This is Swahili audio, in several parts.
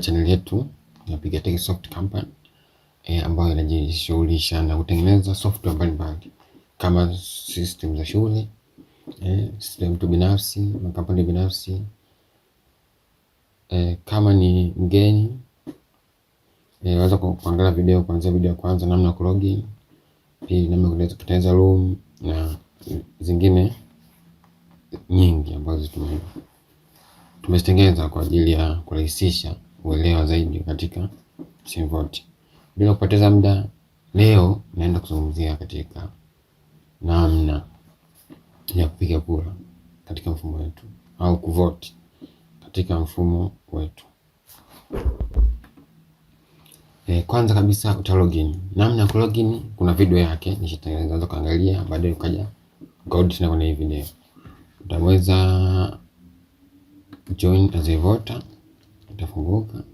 channel chaneli yetu ya Pigatech Soft Company e, ambayo inajishughulisha na kutengeneza software mbalimbali kama system za shule e, system tu binafsi, makampuni binafsi e, kama ni mgeni e, waweza kuangalia video kuanzia video ya kwanza, namna ya kulogin, pili namna ya kutengeneza room na zingine nyingi ambazo tumezitengeza kwa ajili ya kurahisisha uelewa zaidi katika SiMVOT. Bila kupoteza muda, leo naenda kuzungumzia katika namna ya kupiga kura katika mfumo wetu au kuvoti katika mfumo wetu. E, kwanza kabisa uta login. Namna ya kulogin kuna video yake nishatangaza kuangalia, baadaye ukaja ukarudi tena kwenye hii video, utaweza join as a voter itafunguka,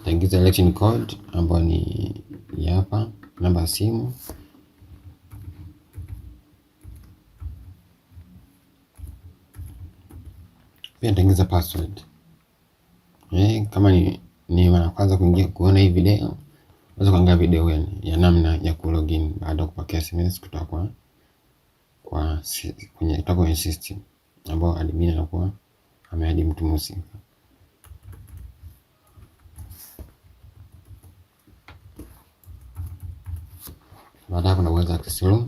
itaingiza election code ambayo ni hapa, namba ya simu pia nitaingiza password eh, kama ni, ni mara kwanza kuingia kuona hii video, unaweza kuangalia video ya, ya namna ya ku login baada ya kupokea SMS kutoka kwa kwa kwenye kutoka kwenye system ambao admin anakuwa ameadi mtu mhusika. Baada kuna uwezo wa slow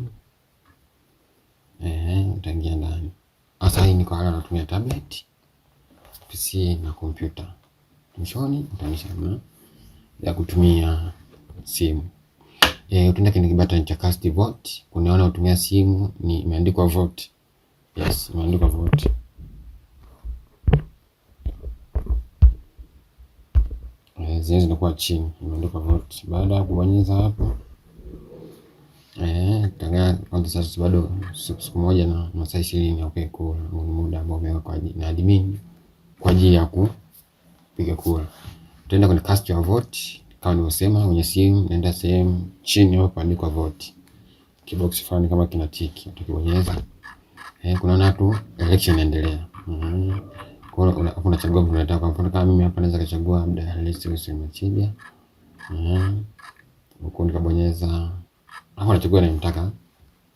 eh, utaingia ndani. Hasa hii ni kwa wale wanatumia tablet, PC na kompyuta. Mwishoni utaonyesha namna ya kutumia simu. Eh, utaenda kwenye button cha cast vote. Unaona utumia simu ni imeandikwa vote. Yes, imeandikwa vote. Eh, zinakuwa chini imeandikwa vote. Baada ya kubonyeza hapo Tangaa kwanza sasa bado siku moja na masaa ishirini ya kupiga kura ni muda ambao umewekwa na admin kwa ajili ya kupiga kura. Tutaenda kwenye cast your vote kama nilivyosema, kwenye simu nenda sehemu chini hapo paandikwa vote, kibox fulani kama kina tick utakibonyeza. Eh, kuna na tu election inaendelea. Mm. -hmm. Kwa hiyo kuna chaguo unataka. Kwa mfano kama mimi hapa naweza kuchagua labda Lissu Machija. Mm. -hmm. Huko nikabonyeza hapo nachagua ninataka.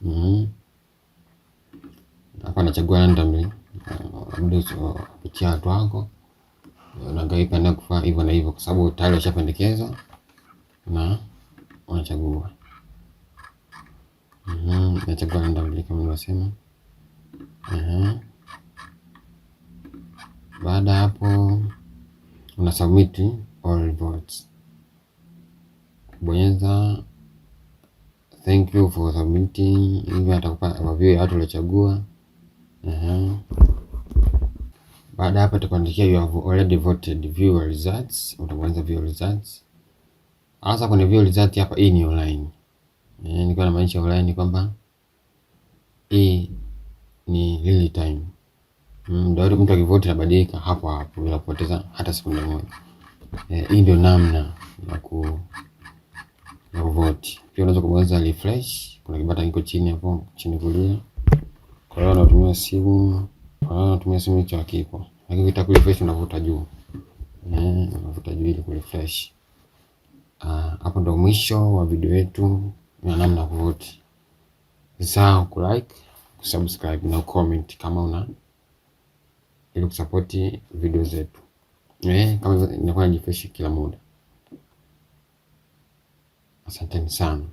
Mm. Hapo nachagua random. Uh, labda usipitia uh, watu wako. Unagawika na kufaa hivyo na hivyo kwa sababu tayari ushapendekeza na unachagua. Mhm, nachagua random vile kama nilivyosema. Mhm. Uh-huh. Baada hapo una submit all votes. Bonyeza thank you for submitting, hivi atakupa overview ya watu waliochagua. uh Baada hapa utakuandikia you have already voted, view results, Utaanza view results. Hasa kwenye view results hapa, hii ni online. Eh, niko na maanisha online kwamba hii ni real time. Mm, ndio mtu akivote anabadilika hapo hapo bila kupoteza hata sekunde moja. Eh, hii ndio namna ya ku vote. Pia unaweza kubonyeza refresh, kuna kibata kiko chini hapo chini kulia. Kwa hiyo unatumia simu, kwa hiyo unatumia simu hicho hakipo. Lakini ukitaka kurefresh unavuta juu. Eh, unavuta juu ili kurefresh. Ah, hapo ndo mwisho wa video yetu na namna ya kuvote. Usisahau ku like, ku subscribe na comment kama una ili kusapoti video zetu. Eh, kama inakuwa najifresh kila muda. Asanteni sana.